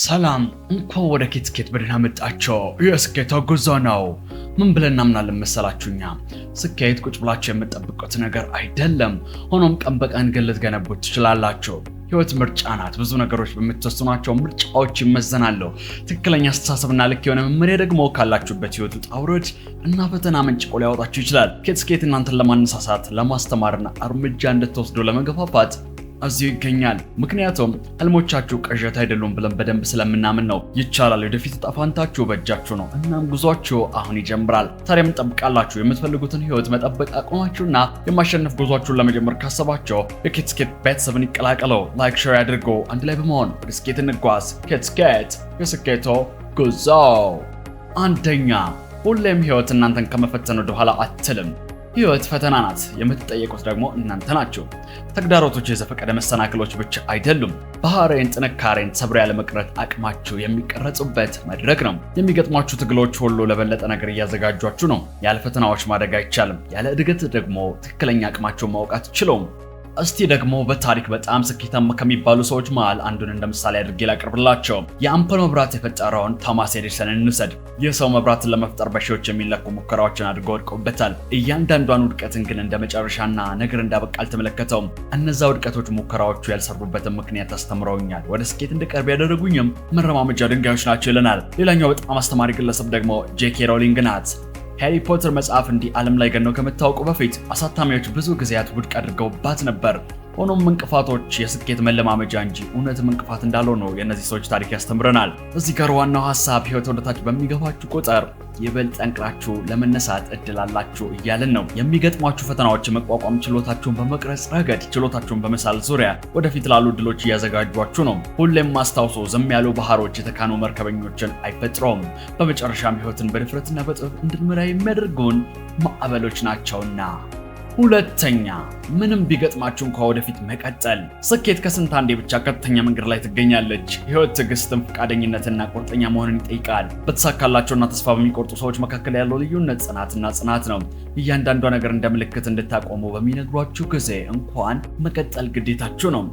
ሰላም እንኮ ወደ ኬትኬት በደህና መጣቸው። የስኬት ጉዞ ነው። ምን ብለን እናምናለን መሰላችሁኛ? ስኬት ቁጭ ብላችሁ የምትጠብቁት ነገር አይደለም። ሆኖም ቀን በቀን ግን ልትገነቡት ትችላላችሁ። ህይወት ምርጫ ናት። ብዙ ነገሮች በምትወስኗቸው ምርጫዎች ይመዘናሉ። ትክክለኛ አስተሳሰብና ልክ የሆነ መመሪያ ደግሞ ካላችሁበት ህይወት ውጣ ውረድ እና ፈተና መንጭቆ ሊያወጣችሁ ይችላል። ኬትስኬት እናንተን ለማነሳሳት ለማስተማርና እርምጃ እንድትወስዱ ለመገፋፋት እዚሁ ይገኛል። ምክንያቱም ህልሞቻችሁ ቅዠት አይደሉም ብለን በደንብ ስለምናምን ነው። ይቻላል፣ ወደፊት ዕጣ ፈንታችሁ በእጃችሁ ነው። እናም ጉዟችሁ አሁን ይጀምራል። ታዲያ ምን የምትፈልጉትን ህይወት መጠበቅ አቁማችሁና የማሸነፍ ጉዟችሁን ለመጀመር ካሰባችሁ የኬትስኬት ቤተሰብን ይቀላቀሉ። ላይክ፣ ሼር ያድርጉ። አንድ ላይ በመሆን ወደ ስኬት እንጓዝ። ኬትስኬት የስኬቶ ጉዞ አንደኛ ሁሌም ህይወት እናንተን ከመፈተን ወደ ኋላ አትልም። ህይወት ፈተና ናት። የምትጠየቁት ደግሞ እናንተ ናችሁ። ተግዳሮቶች የዘፈቀደ መሰናክሎች ብቻ አይደሉም። ባህሬን ጥንካሬን ሰብሮ ያለመቅረት አቅማችሁ የሚቀረጹበት መድረክ ነው። የሚገጥሟችሁ ትግሎች ሁሉ ለበለጠ ነገር እያዘጋጇችሁ ነው። ያለ ፈተናዎች ማደግ አይቻልም። ያለ እድገት ደግሞ ትክክለኛ አቅማችሁን ማወቅ አትችለውም። እስቲ ደግሞ በታሪክ በጣም ስኬታማ ከሚባሉ ሰዎች መሃል አንዱን እንደ ምሳሌ አድርጌ ላቅርብላቸው። የአምፖል መብራት የፈጠረውን ቶማስ ኤዲሰንን እንውሰድ። ይህ ሰው መብራትን ለመፍጠር በሺዎች የሚለኩ ሙከራዎችን አድርጎ ወድቆበታል። እያንዳንዷን ውድቀትን ግን እንደ መጨረሻና ነገር እንዳበቃ አልተመለከተውም። እነዛ ውድቀቶች ሙከራዎቹ ያልሰሩበትን ምክንያት አስተምረውኛል፣ ወደ ስኬት እንድቀርብ ያደረጉኝም መረማመጃ ድንጋዮች ናቸው ይለናል። ሌላኛው በጣም አስተማሪ ግለሰብ ደግሞ ጄኬ ሮሊንግ ናት። ሃሪ ፖተር መጽሐፍ እንዲህ ዓለም ላይ ገነው ከመታወቁ በፊት አሳታሚዎች ብዙ ጊዜያት ውድቅ አድርገውባት ነበር። ሆኖም እንቅፋቶች የስኬት መለማመጃ እንጂ እውነትም እንቅፋት እንዳለው ነው የእነዚህ ሰዎች ታሪክ ያስተምረናል። እዚህ ጋር ዋናው ሀሳብ ህይወት ወደታች በሚገፋችሁ ቁጥር ይበልጥ ጠንክራችሁ ለመነሳት እድል አላችሁ እያልን ነው። የሚገጥሟችሁ ፈተናዎች የመቋቋም ችሎታችሁን በመቅረጽ ረገድ ችሎታችሁን በመሳል ዙሪያ ወደፊት ላሉ እድሎች እያዘጋጇችሁ ነው። ሁሌም ማስታውሶ ዝም ያሉ ባህሮች የተካኑ መርከበኞችን አይፈጥረውም። በመጨረሻም ህይወትን በድፍረትና በጥበብ እንድንመራ የሚያደርጉን ማዕበሎች ናቸውና ሁለተኛ ምንም ቢገጥማችሁ እንኳ ወደፊት መቀጠል። ስኬት ከስንት አንዴ ብቻ ቀጥተኛ መንገድ ላይ ትገኛለች። ህይወት ትዕግስትን፣ ፈቃደኝነትና ቁርጠኛ መሆንን ይጠይቃል። በተሳካላቸውና ተስፋ በሚቆርጡ ሰዎች መካከል ያለው ልዩነት ጽናትና ጽናት ነው። እያንዳንዷ ነገር እንደ ምልክት እንድታቆሙ በሚነግሯችሁ ጊዜ እንኳን መቀጠል ግዴታችሁ ነው።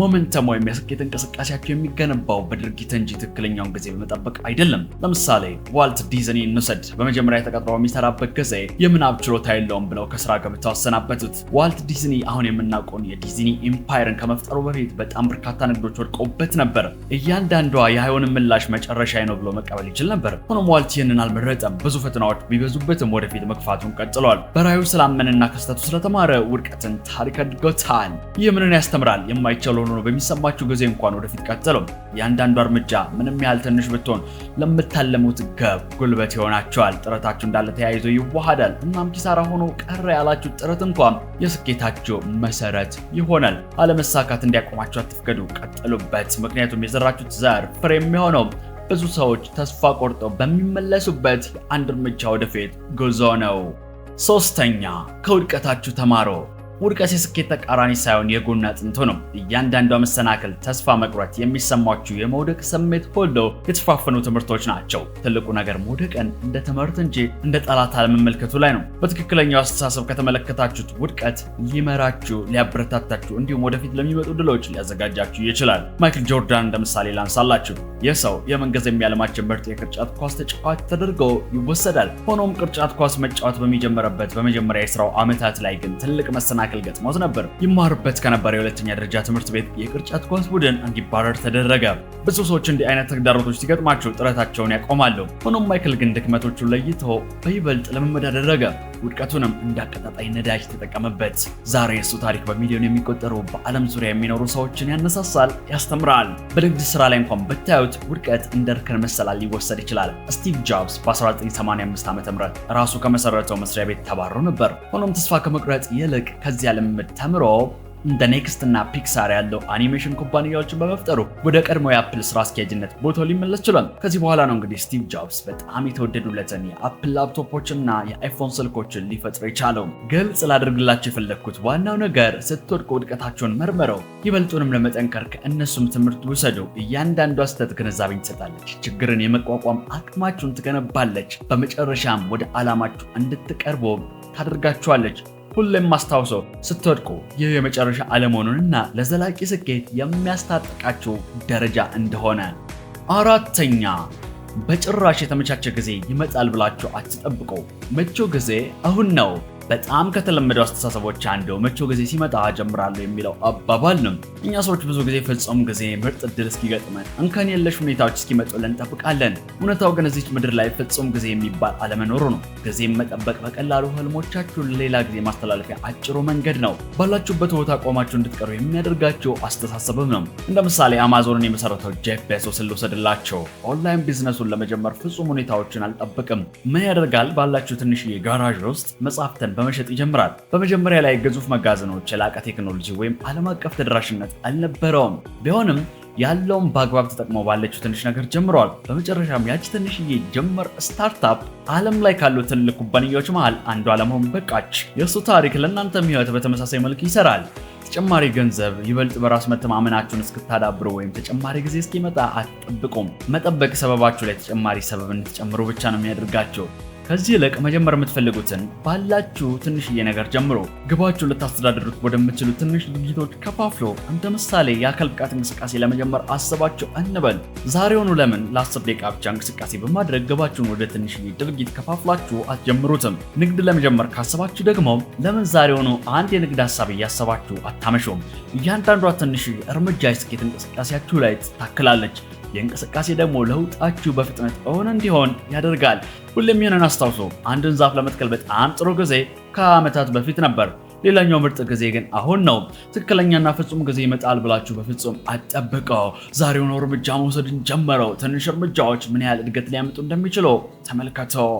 ሞመንተም ወይም የስኬት እንቅስቃሴያችሁ የሚገነባው በድርጊት እንጂ ትክክለኛውን ጊዜ በመጠበቅ አይደለም። ለምሳሌ ዋልት ዲዝኒ እንውሰድ። በመጀመሪያ ተቀጥሮ በሚሰራበት ጊዜ የምናብ ችሎታ የለውም ብለው ከስራ ገብተው ያሰናበቱት። ዋልት ዲዝኒ አሁን የምናውቀውን የዲዝኒ ኤምፓየርን ከመፍጠሩ በፊት በጣም በርካታ ንግዶች ወድቀውበት ነበር። እያንዳንዷ የሀይሆንን ምላሽ መጨረሻ ነው ብሎ መቀበል ይችል ነበር። ሆኖም ዋልት ይህንን አልመረጠም። ብዙ ፈተናዎች ቢበዙበትም ወደፊት መግፋቱን ቀጥሏል። በራዩ ስላመንና ከስተቱ ስለተማረ ውድቀትን ታሪክ አድርጎታል። ይህ ምንን ያስተምራል? የማይቻል ሆኖ በሚሰማችሁ ጊዜ እንኳን ወደፊት ቀጥሉም። የአንዳንዱ እርምጃ ምንም ያህል ትንሽ ብትሆን ለምታለሙት ገብ ጉልበት ይሆናቸዋል። ጥረታችሁ እንዳለ ተያይዞ ይዋሃዳል። እናም ኪሳራ ሆኖ ቀረ ያላችሁ ጥረት ቢሳካት እንኳን የስኬታቸው መሰረት ይሆናል። አለመሳካት እንዲያቆማቸው አትፍቀዱ፣ ቀጠሉበት። ምክንያቱም የዘራችሁት ዘር ፍሬ የሚሆነው ብዙ ሰዎች ተስፋ ቆርጠው በሚመለሱበት የአንድ እርምጃ ወደፊት ጉዞ ነው። ሶስተኛ ከውድቀታችሁ ተማሩ። ውድቀት የስኬት ተቃራኒ ሳይሆን የጎን አጥንቶ ነው። እያንዳንዷ መሰናክል፣ ተስፋ መቁረጥ፣ የሚሰማችው የመውደቅ ስሜት ሁሉ የተሸፋፈኑ ትምህርቶች ናቸው። ትልቁ ነገር መውደቅን እንደ ትምህርት እንጂ እንደ ጠላት አለመመልከቱ ላይ ነው። በትክክለኛው አስተሳሰብ ከተመለከታችሁት ውድቀት ሊመራችሁ፣ ሊያበረታታችሁ እንዲሁም ወደፊት ለሚመጡ ድሎች ሊያዘጋጃችሁ ይችላል። ማይክል ጆርዳን እንደ ምሳሌ ላንሳላችሁ። ይህ ሰው የመንገዝ ጊዜም ምርጥ የቅርጫት ኳስ ተጫዋች ተደርጎ ይወሰዳል። ሆኖም ቅርጫት ኳስ መጫወት በሚጀምርበት በመጀመሪያ የስራው ዓመታት ላይ ግን ትልቅ መሰናክል መሰናክል ገጥሞት ነበር። ይማርበት ከነበረ የሁለተኛ ደረጃ ትምህርት ቤት የቅርጫት ኳስ ቡድን እንዲባረር ተደረገ። ብዙ ሰዎች እንዲህ አይነት ተግዳሮቶች ሲገጥማቸው ጥረታቸውን ያቆማሉ። ሆኖም ማይክል ግን ድክመቶቹን ለይቶ በይበልጥ ለመመድ አደረገ። ውድቀቱንም እንደ አቀጣጣይ ነዳጅ ተጠቀመበት። ዛሬ የእሱ ታሪክ በሚሊዮን የሚቆጠሩ በዓለም ዙሪያ የሚኖሩ ሰዎችን ያነሳሳል፣ ያስተምራል። በንግድ ስራ ላይ እንኳን ብታዩት ውድቀት እንደ እርከን መሰላል ሊወሰድ ይችላል። ስቲቭ ጆብስ በ1985 ዓ ም ራሱ ከመሰረተው መስሪያ ቤት ተባሮ ነበር። ሆኖም ተስፋ ከመቁረጥ ይልቅ ከዚያ ልምምድ ተምሮ እንደ ኔክስት እና ፒክሳር ያለው አኒሜሽን ኩባንያዎችን በመፍጠሩ ወደ ቀድሞ የአፕል ስራ አስኪያጅነት ቦታው ሊመለስ ችሏል። ከዚህ በኋላ ነው እንግዲህ ስቲቭ ጆብስ በጣም የተወደዱለትን የአፕል ላፕቶፖችን እና የአይፎን ስልኮችን ሊፈጥር የቻለው። ግልጽ ላደርግላቸው የፈለግኩት ዋናው ነገር ስትወድቁ ውድቀታቸውን መርምረው፣ ይበልጡንም ለመጠንከር ከእነሱም ትምህርት ውሰዱ። እያንዳንዷ ስህተት ግንዛቤን ትሰጣለች፣ ችግርን የመቋቋም አቅማችሁን ትገነባለች፣ በመጨረሻም ወደ ዓላማችሁ እንድትቀርቡ ታደርጋችኋለች። ሁሌም ማስታውሰው ስትወድቁ ይህ የመጨረሻ አለመሆኑንና ለዘላቂ ስኬት የሚያስታጥቃችሁ ደረጃ እንደሆነ። አራተኛ በጭራሽ የተመቻቸ ጊዜ ይመጣል ብላችሁ አትጠብቁ። ምቹ ጊዜ አሁን ነው። በጣም ከተለመደው አስተሳሰቦች አንዱ መቼው ጊዜ ሲመጣ ጀምራለሁ የሚለው አባባል ነው። እኛ ሰዎች ብዙ ጊዜ ፍጹም ጊዜ፣ ምርጥ እድል እስኪገጥመን እንከን የለሽ ሁኔታዎች እስኪመጡልን እንጠብቃለን። እውነታው ግን እዚች ምድር ላይ ፍጹም ጊዜ የሚባል አለመኖሩ ነው። ጊዜም መጠበቅ በቀላሉ ህልሞቻችሁን ሌላ ጊዜ ማስተላለፊያ አጭሩ መንገድ ነው። ባላችሁበት ቦታ ቆማችሁ እንድትቀሩ የሚያደርጋችሁ አስተሳሰብም ነው። እንደ ምሳሌ አማዞንን የመሰረተው ጄፍ ቤዞስን ልውሰድላቸው። ኦንላይን ቢዝነሱን ለመጀመር ፍጹም ሁኔታዎችን አልጠብቅም። ምን ያደርጋል? ባላችሁ ትንሽዬ ጋራዥ ውስጥ መጽሐፍትን በመሸጥ ይጀምራል። በመጀመሪያ ላይ ግዙፍ መጋዘኖች የላቀ ቴክኖሎጂ ወይም ዓለም አቀፍ ተደራሽነት አልነበረውም። ቢሆንም ያለውን በአግባብ ተጠቅሞ ባለችው ትንሽ ነገር ጀምረዋል። በመጨረሻም ያቺ ትንሽዬ ጀመር ስታርታፕ ዓለም ላይ ካሉ ትልቅ ኩባንያዎች መሃል አንዷ ለመሆን በቃች። የእሱ ታሪክ ለእናንተም ህይወት በተመሳሳይ መልክ ይሰራል። ተጨማሪ ገንዘብ ይበልጥ በራስ መተማመናችሁን እስክታዳብሩ ወይም ተጨማሪ ጊዜ እስኪመጣ አትጠብቁም። መጠበቅ ሰበባችሁ ላይ ተጨማሪ ሰበብ እንድትጨምሩ ብቻ ነው የሚያደርጋቸው። ከዚህ ይልቅ መጀመር የምትፈልጉትን ባላችሁ ትንሽዬ ነገር ጀምሮ ግባችሁ ልታስተዳድሩት ወደምችሉ ትንሽ ድርጊቶች ከፋፍሎ እንደ ምሳሌ የአካል ብቃት እንቅስቃሴ ለመጀመር አስባችሁ እንበል። ዛሬውኑ ለምን ለአስር ደቂቃ ብቻ እንቅስቃሴ በማድረግ ግባችሁን ወደ ትንሽዬ ድርጊት ከፋፍላችሁ አትጀምሩትም? ንግድ ለመጀመር ካሰባችሁ ደግሞ ለምን ዛሬውኑ አንድ የንግድ ሀሳብ እያሰባችሁ አታመሹም? እያንዳንዷ ትንሽ እርምጃ የስኬት እንቅስቃሴያችሁ ላይ ትታክላለች። የእንቅስቃሴ ደግሞ ለውጣችሁ በፍጥነት እውን እንዲሆን ያደርጋል። ሁሌም ይህንን አስታውሶ አንድን ዛፍ ለመትከል በጣም ጥሩ ጊዜ ከዓመታት በፊት ነበር። ሌላኛው ምርጥ ጊዜ ግን አሁን ነው። ትክክለኛና ፍጹም ጊዜ ይመጣል ብላችሁ በፍጹም ዛሬ ዛሬውን እርምጃ መውሰድን ጀመረው። ትንሽ እርምጃዎች ምን ያህል እድገት ሊያመጡ እንደሚችሉ ተመልከተው።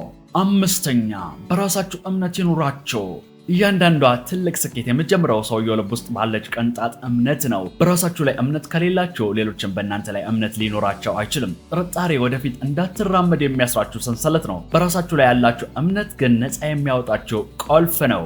አምስተኛ በራሳችሁ እምነት ይኑራችሁ። እያንዳንዷ ትልቅ ስኬት የምትጀምረው ሰውየው ልብ ውስጥ ባለች ቀንጣጥ እምነት ነው። በራሳችሁ ላይ እምነት ከሌላችሁ ሌሎችን በእናንተ ላይ እምነት ሊኖራቸው አይችልም። ጥርጣሬ ወደፊት እንዳትራመድ የሚያስራችሁ ሰንሰለት ነው። በራሳችሁ ላይ ያላችሁ እምነት ግን ነፃ የሚያወጣችሁ ቁልፍ ነው።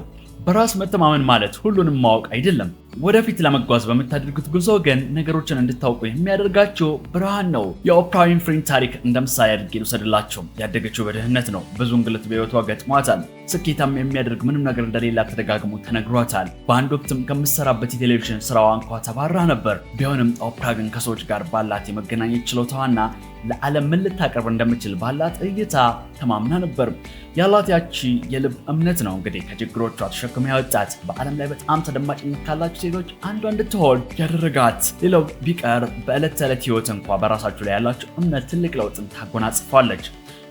በራስ መተማመን ማለት ሁሉንም ማወቅ አይደለም። ወደፊት ለመጓዝ በምታደርጉት ጉዞ ግን ነገሮችን እንድታውቁ የሚያደርጋቸው ብርሃን ነው። የኦፕራ ዊንፍሪን ታሪክ እንደ ምሳሌ አድርጌ ልውሰድላቸው። ያደገችው በድህነት ነው። ብዙ እንግልት በሕይወቷ ገጥሟታል። ስኬታም የሚያደርግ ምንም ነገር እንደሌላ ተደጋግሞ ተነግሯታል። በአንድ ወቅትም ከምትሰራበት የቴሌቪዥን ስራዋ እንኳ ተባራ ነበር። ቢሆንም ኦፕራ ግን ከሰዎች ጋር ባላት የመገናኘት ችሎታዋና ለዓለም ምን ልታቀርብ እንደምችል ባላት እይታ ተማምና ነበር። ያላት ያቺ የልብ እምነት ነው እንግዲህ ከችግሮቿ ተሸክማ ያወጣት በዓለም ላይ በጣም ተደማጭነት ካላቸው ሴቶች አንዷ እንድትሆን ያደረጋት። ሌላው ቢቀር በዕለት ተዕለት ህይወት እንኳ በራሳችሁ ላይ ያላቸው እምነት ትልቅ ለውጥን ታጎናጽፏለች።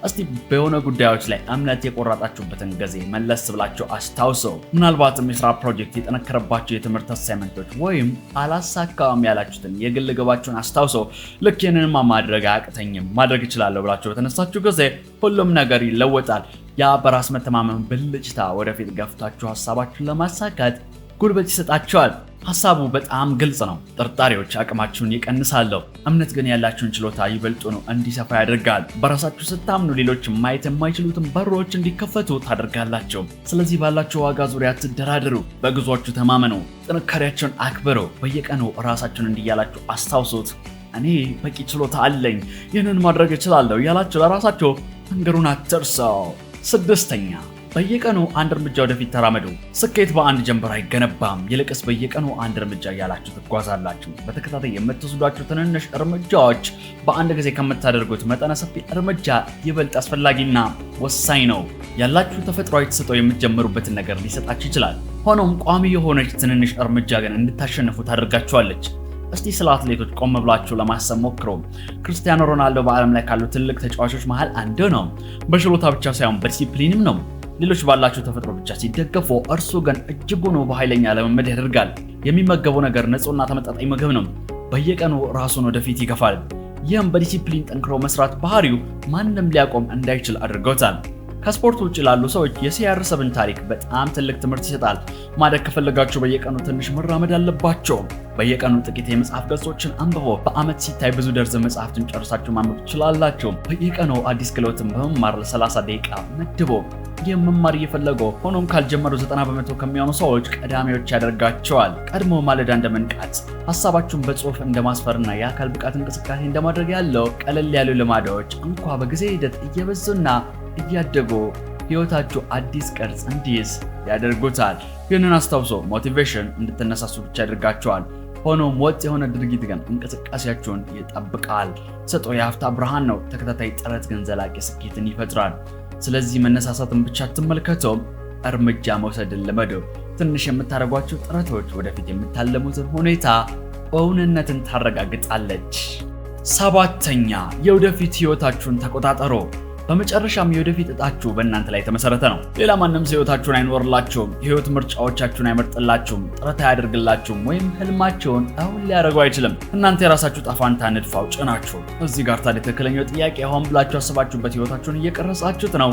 እስቲ በሆነ ጉዳዮች ላይ እምነት የቆረጣችሁበትን ጊዜ መለስ ብላችሁ አስታውሰው። ምናልባትም የስራ ፕሮጀክት፣ የጠነከረባቸው የትምህርት አሳይመንቶች ወይም አላሳካውም ያላችሁትን የግል ግባችሁን አስታውሰው። ልክ ይህንንማ ማድረግ አያቅተኝም ማድረግ እችላለሁ ብላችሁ በተነሳችሁ ጊዜ ሁሉም ነገር ይለወጣል። ያ በራስ መተማመን ብልጭታ ወደፊት ገፍታችሁ ሀሳባችሁን ለማሳካት ጉልበት ይሰጣቸዋል። ሐሳቡ በጣም ግልጽ ነው። ጥርጣሬዎች አቅማችሁን ይቀንሳለሁ። እምነት ግን ያላችሁን ችሎታ ይበልጡኑ እንዲሰፋ ያደርጋል። በራሳችሁ ስታምኑ ሌሎች ማየት የማይችሉትን በሮች እንዲከፈቱ ታደርጋላችሁ። ስለዚህ ባላችሁ ዋጋ ዙሪያ ትደራደሩ። በጉዟችሁ ተማመኑ። ጥንካሬያቸውን አክብሩ። በየቀኑ ራሳችሁን እንዲያላችሁ አስታውሱት። እኔ በቂ ችሎታ አለኝ፣ ይህንን ማድረግ እችላለሁ ያላችሁ ለራሳችሁ መንገሩን አትርሰው። ስድስተኛ በየቀኑ አንድ እርምጃ ወደፊት ተራመዱ። ስኬት በአንድ ጀንበር አይገነባም። ይልቅስ በየቀኑ አንድ እርምጃ እያላችሁ ትጓዛላችሁ። በተከታታይ የምትወስዷቸው ትንንሽ እርምጃዎች በአንድ ጊዜ ከምታደርጉት መጠነ ሰፊ እርምጃ ይበልጥ አስፈላጊና ወሳኝ ነው። ያላችሁ ተፈጥሯዊ ተሰጠው የምትጀምሩበትን ነገር ሊሰጣችሁ ይችላል። ሆኖም ቋሚ የሆነች ትንንሽ እርምጃ ግን እንድታሸንፉ ታደርጋችኋለች። እስቲ ስለ አትሌቶች ቆም ብላችሁ ለማሰብ ሞክሮ ክርስቲያኖ ሮናልዶ በዓለም ላይ ካሉ ትልቅ ተጫዋቾች መሃል አንዱ ነው። በችሎታ ብቻ ሳይሆን በዲሲፕሊንም ነው። ሌሎች ባላቸው ተፈጥሮ ብቻ ሲደገፉ፣ እርሱ ግን እጅጉን በኃይለኛ ልምምድ ያደርጋል። የሚመገበው ነገር ንጹህና ተመጣጣኝ ምግብ ነው። በየቀኑ ራሱን ወደፊት ይገፋል። ይህም በዲሲፕሊን ጠንክሮ መስራት ባህሪው ማንም ሊያቆም እንዳይችል አድርገውታል። ከስፖርት ውጭ ላሉ ሰዎች የሲአር ሰብን ታሪክ በጣም ትልቅ ትምህርት ይሰጣል። ማደግ ከፈለጋችሁ በየቀኑ ትንሽ መራመድ አለባቸው። በየቀኑ ጥቂት የመጽሐፍ ገጾችን አንብቦ በአመት ሲታይ ብዙ ደርዘ መጽሐፍትን ጨርሳችሁ ማንበብ ትችላላችሁ። በየቀኑ አዲስ ክህሎትን በመማር ለ30 ደቂቃ መድቦ የመማር እየፈለጉ ሆኖም ካልጀመሩ 90 በመቶ ከሚሆኑ ሰዎች ቀዳሚዎች ያደርጋቸዋል። ቀድሞ ማለዳ እንደመንቃት ሀሳባችሁን በጽሁፍ እንደማስፈርና የአካል ብቃት እንቅስቃሴ እንደማድረግ ያለው ቀለል ያሉ ልማዶች እንኳ በጊዜ ሂደት እየበዙና እያደጉ ህይወታቸው አዲስ ቅርጽ እንዲይዝ ያደርጉታል። ይህንን አስታውሶ ሞቲቬሽን እንድትነሳሱ ብቻ ያደርጋቸዋል። ሆኖም ወጥ የሆነ ድርጊት ግን እንቅስቃሴያችሁን ይጠብቃል። ሰጦ የሀፍታ ብርሃን ነው። ተከታታይ ጥረት ግን ዘላቂ ስኬትን ይፈጥራል። ስለዚህ መነሳሳትን ብቻ አትመልከተውም፣ እርምጃ መውሰድን ልመዱ። ትንሽ የምታደርጓቸው ጥረቶች ወደፊት የምታለሙትን ሁኔታ እውንነትን ታረጋግጣለች። ሰባተኛ የወደፊት ህይወታችሁን ተቆጣጠሩ። በመጨረሻም የወደፊት እጣችሁ በእናንተ ላይ የተመሰረተ ነው። ሌላ ማንም ሰው ህይወታችሁን አይኖርላችሁም፣ የህይወት ምርጫዎቻችሁን አይመርጥላችሁም፣ ጥረት አያደርግላችሁም፣ ወይም ህልማቸውን አሁን ሊያደርጉ አይችልም። እናንተ የራሳችሁ ጣፋንታ ንድፍ አውጭ ናችሁ። እዚህ ጋር ታዲያ ትክክለኛው ጥያቄ ሆን ብላችሁ አስባችሁበት ህይወታችሁን እየቀረጻችሁት ነው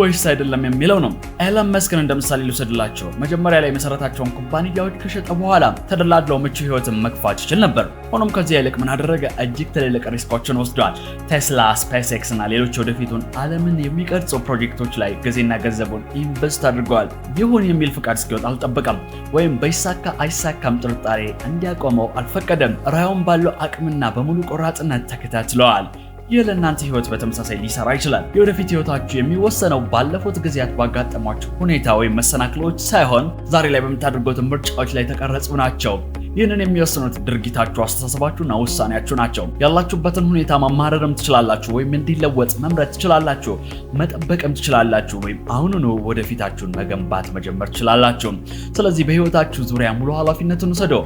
ወይስ አይደለም የሚለው ነው። ኤለን መስክን እንደ ምሳሌ ልውሰድላቸው። መጀመሪያ ላይ የመሰረታቸውን ኩባንያዎች ከሸጠ በኋላ ተደላድለው ምቹ ህይወትን መግፋት ይችል ነበር። ሆኖም ከዚያ ይልቅ ምን አደረገ? እጅግ ትልልቅ ሪስኮችን ወስደዋል። ቴስላ፣ ስፔስ ኤክስ እና ሌሎች ወደፊቱን አለምን የሚቀርጹ ፕሮጀክቶች ላይ ጊዜና ገንዘቡን ኢንቨስት አድርገዋል። ይሁን የሚል ፍቃድ እስኪወጣ አልጠበቀም፣ ወይም በይሳካ አይሳካም ጥርጣሬ እንዲያቆመው አልፈቀደም። ራዮን ባለው አቅምና በሙሉ ቆራጥነት ተከታትለዋል። ይህ ለእናንተ ህይወት በተመሳሳይ ሊሰራ ይችላል። የወደፊት ህይወታችሁ የሚወሰነው ባለፉት ጊዜያት ባጋጠሟችሁ ሁኔታ ወይም መሰናክሎች ሳይሆን ዛሬ ላይ በምታደርጉት ምርጫዎች ላይ ተቀረጹ ናቸው። ይህንን የሚወስኑት ድርጊታችሁ፣ አስተሳሰባችሁና ውሳኔያችሁ ናቸው። ያላችሁበትን ሁኔታ ማማረርም ትችላላችሁ ወይም እንዲለወጥ መምረት ትችላላችሁ። መጠበቅም ትችላላችሁ ወይም አሁኑኑ ወደፊታችሁን መገንባት መጀመር ትችላላችሁ። ስለዚህ በህይወታችሁ ዙሪያ ሙሉ ኃላፊነትን ውሰዶ።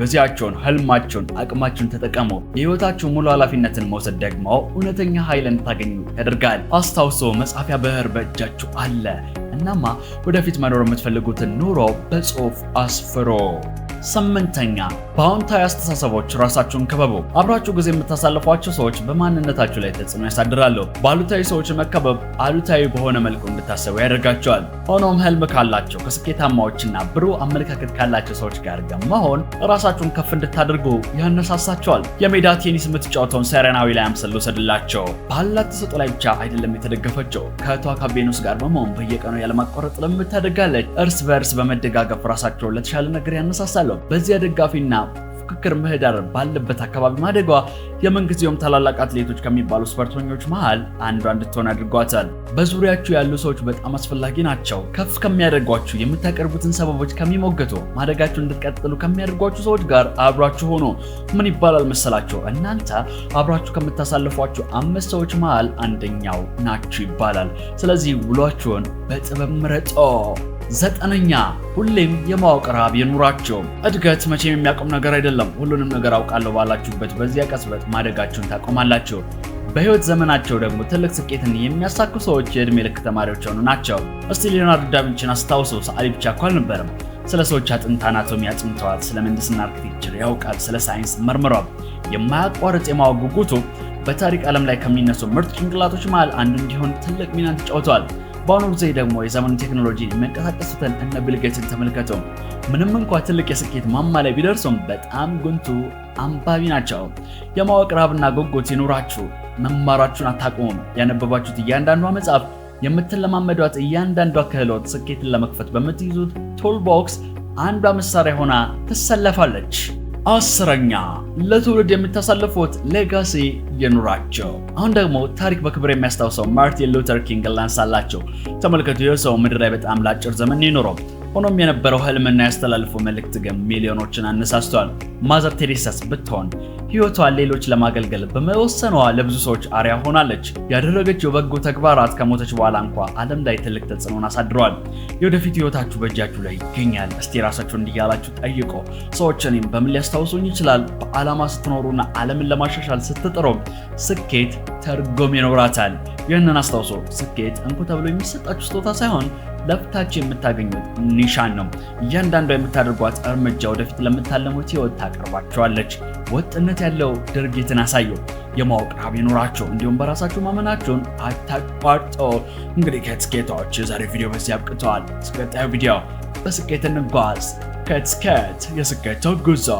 ጊዜያቸውን፣ ህልማቸውን፣ አቅማቸውን ተጠቀሙ የህይወታቸው ሙሉ ኃላፊነትን መውሰድ ደግሞ እውነተኛ ኃይል እንድታገኙ ያደርጋል። አስታውሶ መጻፊያ ብዕር በእጃችሁ አለ። እናማ ወደፊት መኖር የምትፈልጉትን ኑሮ በጽሁፍ አስፍሮ ስምንተኛ በአዎንታዊ አስተሳሰቦች ራሳችሁን ከበቡ። አብራችሁ ጊዜ የምታሳልፏቸው ሰዎች በማንነታችሁ ላይ ተጽዕኖ ያሳድራሉ። በአሉታዊ ሰዎች መከበብ አሉታዊ በሆነ መልኩ እንድታሰቡ ያደርጋቸዋል። ሆኖም ህልም ካላቸው ከስኬታማዎችና ብሩህ አመለካከት ካላቸው ሰዎች ጋር መሆን ራሳችሁን ከፍ እንድታደርጉ ያነሳሳቸዋል። የሜዳ ቴኒስ የምትጫወተውን ሴሬናዊ ዊሊያምስ ልውሰድላቸው። ባላት ተሰጦ ላይ ብቻ አይደለም የተደገፈችው። ከእህቷ ካቤኖስ ጋር በመሆን በየቀኑ ያለማቋረጥ ልምምድ ታደርጋለች። እርስ በእርስ በመደጋገፍ ራሳቸውን ለተሻለ ነገር ያነሳሳሉ። አልነበረም። በዚያ ደጋፊና ፉክክር ምህዳር ባለበት አካባቢ ማደጓ የምንጊዜውም ታላላቅ አትሌቶች ከሚባሉ ስፖርተኞች መሃል አንዷ እንድትሆን አድርጓታል። በዙሪያችሁ ያሉ ሰዎች በጣም አስፈላጊ ናቸው። ከፍ ከሚያደርጓችሁ፣ የምታቀርቡትን ሰበቦች ከሚሞግቱ፣ ማደጋችሁ እንድትቀጥሉ ከሚያደርጓችሁ ሰዎች ጋር አብራችሁ ሆኖ ምን ይባላል መሰላችሁ? እናንተ አብራችሁ ከምታሳልፏችሁ አምስት ሰዎች መሃል አንደኛው ናችሁ ይባላል። ስለዚህ ውሏችሁን በጥበብ ምረጦ። ዘጠነኛ ሁሌም የማወቅ ረሃብ ይኑራቸው። እድገት መቼም የሚያቆም ነገር አይደለም። ሁሉንም ነገር አውቃለሁ ባላችሁበት በዚያ ቀስበት ማደጋችሁን ታቆማላችሁ። በህይወት ዘመናቸው ደግሞ ትልቅ ስኬትን የሚያሳኩ ሰዎች የእድሜ ልክ ተማሪዎች የሆኑ ናቸው። እስቲ ሊዮናርዶ ዳቪንችን አስታውሰው። ሰዓሊ ብቻ እኮ አልነበረም። ስለ ሰዎች አጥንት አናቶሚ አጥንተዋል። ስለ ምህንድስና አርክቴክቸር ያውቃል። ስለ ሳይንስ መርምሯል። የማያቋርጥ የማወቅ ጉጉቱ በታሪክ ዓለም ላይ ከሚነሱ ምርጥ ጭንቅላቶች መሃል አንዱ እንዲሆን ትልቅ ሚናን ተጫውተዋል። በአሁኑ ጊዜ ደግሞ የዘመኑ ቴክኖሎጂ የሚንቀሳቀሱትን እነ ቢልጌትን ተመልከቱ። ምንም እንኳ ትልቅ የስኬት ማማ ላይ ቢደርሱም በጣም ጉንቱ አንባቢ ናቸው። የማወቅ ራብና ጉጉት ይኑራችሁ። መማራችሁን አታቁሙም። ያነበባችሁት እያንዳንዷ መጽሐፍ፣ የምትለማመዷት እያንዳንዷ ክህሎት ስኬትን ለመክፈት በምትይዙት ቶልቦክስ አንዷ መሳሪያ ሆና ትሰለፋለች። አስረኛ ለትውልድ የምታሳልፉት ሌጋሲ የኑራቸው። አሁን ደግሞ ታሪክ በክብር የሚያስታውሰው ማርቲን ሉተር ኪንግ ላንሳላቸው። ተመልከቱ፣ የሰው ምድር ላይ በጣም ላጭር ዘመን ይኖረው ሆኖም የነበረው ህልምና ያስተላልፈው መልእክት ግን ሚሊዮኖችን አነሳስቷል። ማዘር ቴሬሳስ ብትሆን ህይወቷን ሌሎች ለማገልገል በመወሰኗ ለብዙ ሰዎች አርያ ሆናለች። ያደረገችው በጎ ተግባራት ከሞተች በኋላ እንኳ ዓለም ላይ ትልቅ ተጽዕኖን አሳድረዋል። የወደፊት ህይወታችሁ በእጃችሁ ላይ ይገኛል። እስቲ ራሳችሁ እንዲህ ያላችሁ ጠይቆ ሰዎች እኔም በምን ሊያስታውሱኝ ይችላል? በዓላማ ስትኖሩና ዓለምን ለማሻሻል ስትጥሩ ስኬት ተርጎም ይኖራታል። ይህንን አስታውሶ ስኬት እንኩ ተብሎ የሚሰጣችሁ ስጦታ ሳይሆን ለፍታችሁ የምታገኙት ኒሻን ነው። እያንዳንዷ የምታደርጓት እርምጃ ወደፊት ለምታለሙት ህይወት ታቀርባቸዋለች። ወጥነት ያለው ድርጊትን አሳዩ። የማወቅ ራብ ይኑራችሁ፣ እንዲሁም በራሳችሁ ማመናችሁን አታቋርጠው። እንግዲህ ከትስኬቶች የዛሬ ቪዲዮ በዚህ አብቅተዋል። እስከ ቪዲዮ በስኬት እንጓዝ። ከትስኬት የስኬት ጉዞ